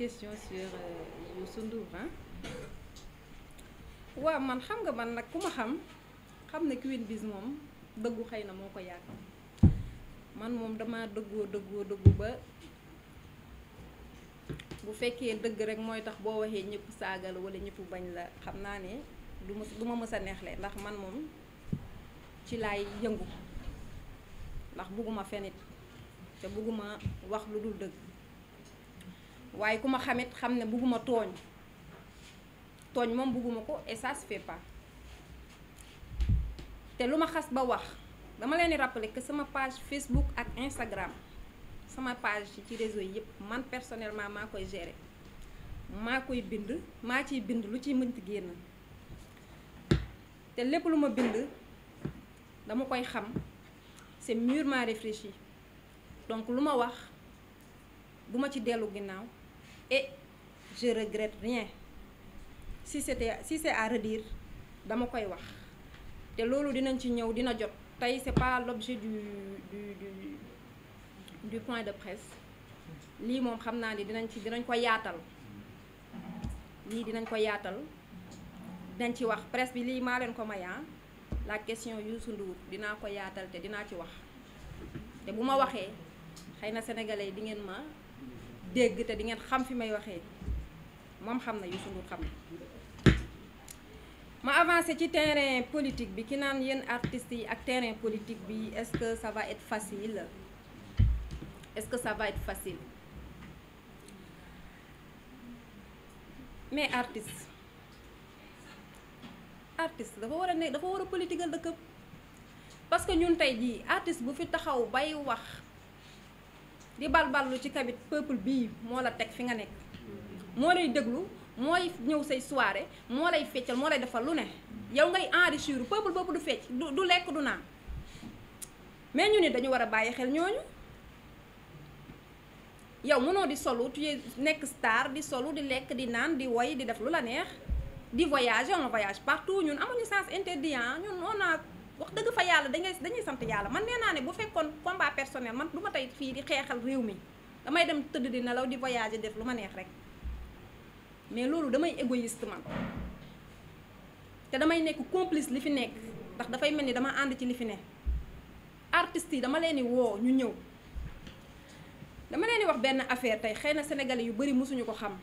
question sur euh, Youssou Ndour waaw man xam nga man nag ku ma xam xam ne Queen bis moom dëggu xëy na moo ko yàqal man moom dama dëggoo dëggoo dëggu ba bu fekkee dëgg rek mooy tax boo waxee ñépp saagal wala ñépp bañ la xam naa ne du ma du ma mës a neexle ndax man moom ci laay yëngu ndax bugguma fenit te bugguma wax lu dul dëgg waaye ku ma xamit xam ne bugguma tooñ tooñ moom bugguma ko et ça te lu ma xas ba wax dama leen di rappeler que sama page Facebook ak Instagram sama page ci réseau yi yëpp man personnellement maa koy gérer maa koy bind maa ciy bind lu ci mënti génn te lépp lu ma bind dama koy xam c'est mûrement réfléchi donc lu ma wax bu ma ci dellu ginnaaw et je regrette rien si c'était si à redire dama koy wax te loolu dinañ ci ñëw dina jot tey c'est pas l'objet du du du point de presse lii moom xam naa ni dinañ ci dinañ ko yaatal lii dinañ ko yaatal dinañ ci wax presse bi lii maa leen ko mayaa ah. la question Youssou Ndour dinaa ko yaatal te dinaa ci wax te bu ma waxee xëy na sénégalais di ngeen ma dégg te di ngeen xam fi may waxee moom xam na Youssou Ndour xam na ma avancé ci terrain politique bi ki naan yenn artistes yi ak terrain politique bi est-ce que ça va être facile est-ce que ça va être facile mais artiste artiste dafa war a nekk dafa war a politiqueal dëkkam parce que ñun tey jii artiste bu fi taxaw bay wax di bal balballu ci tamit peuple bii moo la teg fi nga nekk moo lay déglu mooy ñëw say soirée moo lay feccal moo lay defal lu ne yow ngay enrichir peuple boobu du fecc du du lekk du naan mais ñu ni dañu war a bàyyi xel ñooñu yow mënoo di solu tu nekk star di solu di lekk di naan di woy di def lu la neex di voyager on voyage partout ñun amuñu sens interdit ah. ñun on a wax dëgg fa yàlla dañuy dañuy sant yàlla man nee naa ne bu fekkoon combat personnel man du ma tey fii di xeexal réew mi damay dem tëdd di nelaw di voyager def lu ma neex rek mais loolu damay égoïste man te damay nekk complice li fi nekk ndax dafay mel ni dama ànd ci li fi ne artistes yi dama leen di woo ñu ñëw dama leen di wax benn affaire tey xëy na sénégalais yu bëri mosuñu ko xam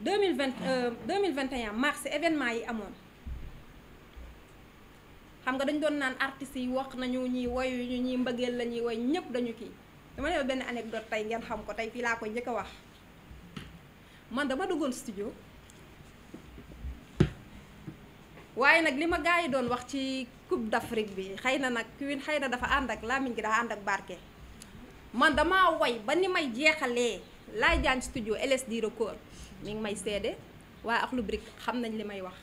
deux mille vingt euh, deux mille vingt et un mars événement yi amoon. xam nga dañ doon naan artistes yi wax nañu ñi woy ñu ñi mbëggeel la ñuy woy ñëpp dañu kii dama leen benn anecdote tey ngeen xam ko tey fii laa ko njëkk dama duggoon studio waaye nag li ma gars yi doon wax ci coupe d'Afrique bi xëy na nag Queen xëy na dafa ànd ak làmmiñ gi daa ànd ak barke man dama woy ba ni may jeexalee laay jaan studio LSD record mi ngi may seede waaye ak lu brik xam nañ li may wax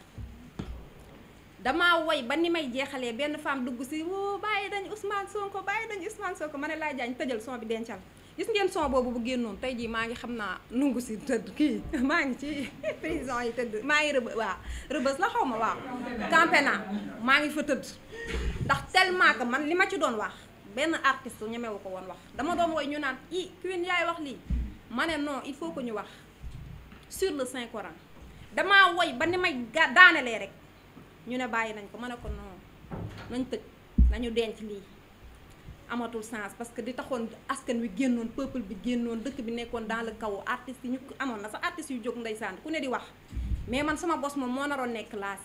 damaa woy ba ni may jeexalee benn femme dugg si woo bàyyi dañ Ousmane Sonko bàyyi dañ Ousmane ko ma ne laa jaañ tëjal son bi dencal gis ngeen son boobu bu génnoon tey jii maa ngi xam naa nungu si tëdd kii maa ngi ci prison yi tëdd maa ngi rëb waa rëbës la xaw ma waaw campé naa maa ngi fa tëdd ndax tellement que man li ma ci doon wax benn artiste ñemewu ko woon wax dama doon woy ñu naan i Queen yaay wax lii ma ne non il faut que ñu wax sur le Saint Coran damaa woy ba ni may daanelee rek ñu ne bàyyi nañ ko ma ne ko non nañ tëj nañu denc lii amatul sens parce que di taxoon askan wi génnoon peuple bi génnoon dëkk bi nekkoon dans le kaw artistes yi ñu amoon na sax artistes yu jóg ndeysaan ku ne di wax mais man sama bos moom moo naroon nekk laas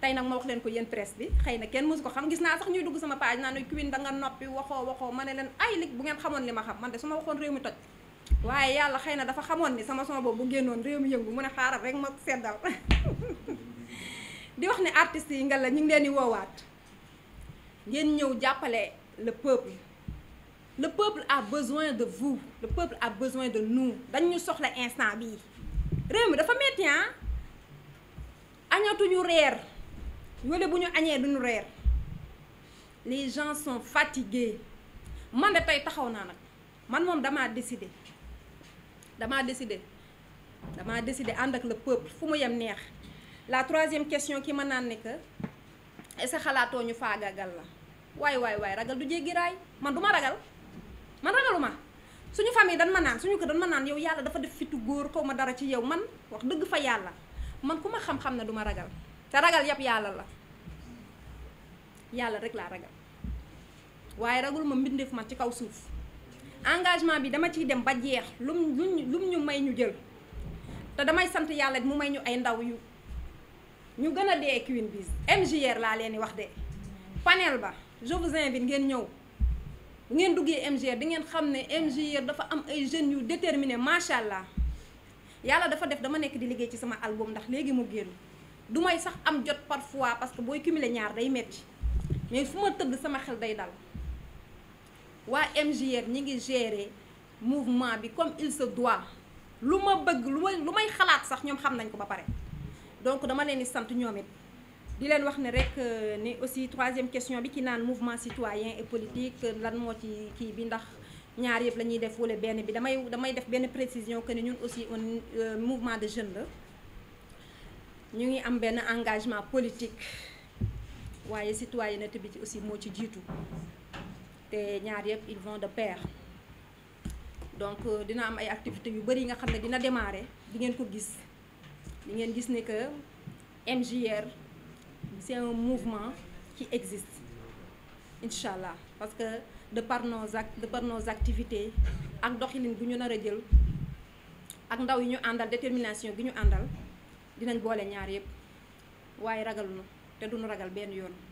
tey nag ma wax leen ko yéen presse bi xëy na kenn mësu ko xam gis naa sax ñuy dugg sama paaj naa ne Queen da nga noppi waxoo waxoo ma ne leen ay lig bu ngeen xamoon li ma xam man de su ma waxoon réew mi toj yàlla xëy na dafa xamoon ni sama son boobu bu génnoon réew mi yëngu mu ne xaaral rek ma seddal di wax ne artistes yi nga la ñu ngi leen di woowaat ngeen ñëw jàppale le peuple le peuple a besoin de vous le peuple a besoin de nous dañ ñu soxla instant bii réew mi dafa metti ah añatuñu reer wala bu ñu añee duñu reer les gens sont fatigués man de tey taxaw naa nag man moom damaa décidé damaa décidé damaa décidé ànd ak le peuple fu mu yem neex la troisième question ki ma naan ne que est xalaatoo ñu faagagal la waaye waay waay ragal du jéggi raay man du ma ragal man ragaluma suñu famille dan ma naan suñu ko dan ma naan yow yàlla dafa def fitu góor xaw ma dara ci yow man wax dëgg fa yàlla man ku ma xam-xam ne du ma ragal te ragal yëpp yàlla la yàlla rek laa ragal waaye ragul ma mbindeef man ci kaw suuf engagement bi dama ciy dem ba jeex lum lum ñu may ñu jël te damay sant yàlla mu may ñu ay ndaw y ñu gën a dee Queen bis MJR laa leen di wax de panel ba je vous invite ngeen ñëw ngeen duggee MJR di ngeen xam ne MJR dafa am ay jeunes yu déterminé macha allah yàlla dafa def dama nekk di liggéey ci sama album ndax léegi mu génn du may sax am jot parfois parce que booy cumuler ñaar day metti mais fu ma tëdd sama xel day dal waa MJR ñi ngi gérer mouvement bi comme il se doit lu ma bëgg lu may lu may xalaat sax ñoom xam nañ ko ba pare. donc dama leen di sant ñoom it di leen wax ne rek euh, ni aussi troisième question bi ki naan mouvement citoyen et politique lan moo ci kii bi ndax ñaar yëpp la ñuy def wala benn bi damay damay def benn précision que ni ñun aussi un euh, mouvement de jeunes la ñu ngi am benn engagement politique waaye citoyenneté bi aussi moo ci jiitu te ñaar yëpp ils vont de pair donc euh, dina am ay activités yu bëri yi nga xam ne dina démarrer di ngeen ko gis. li ngeen gis ne que MJR c'est un mouvement qui existe incha allah parce que de par nos act de par nos activités ak doxalin bu ñu nar a jël ak ndaw yi ñu àndal détermination gi ñu àndal dinañ boole ñaar yëpp waaye nu te duñu ragal benn yoon.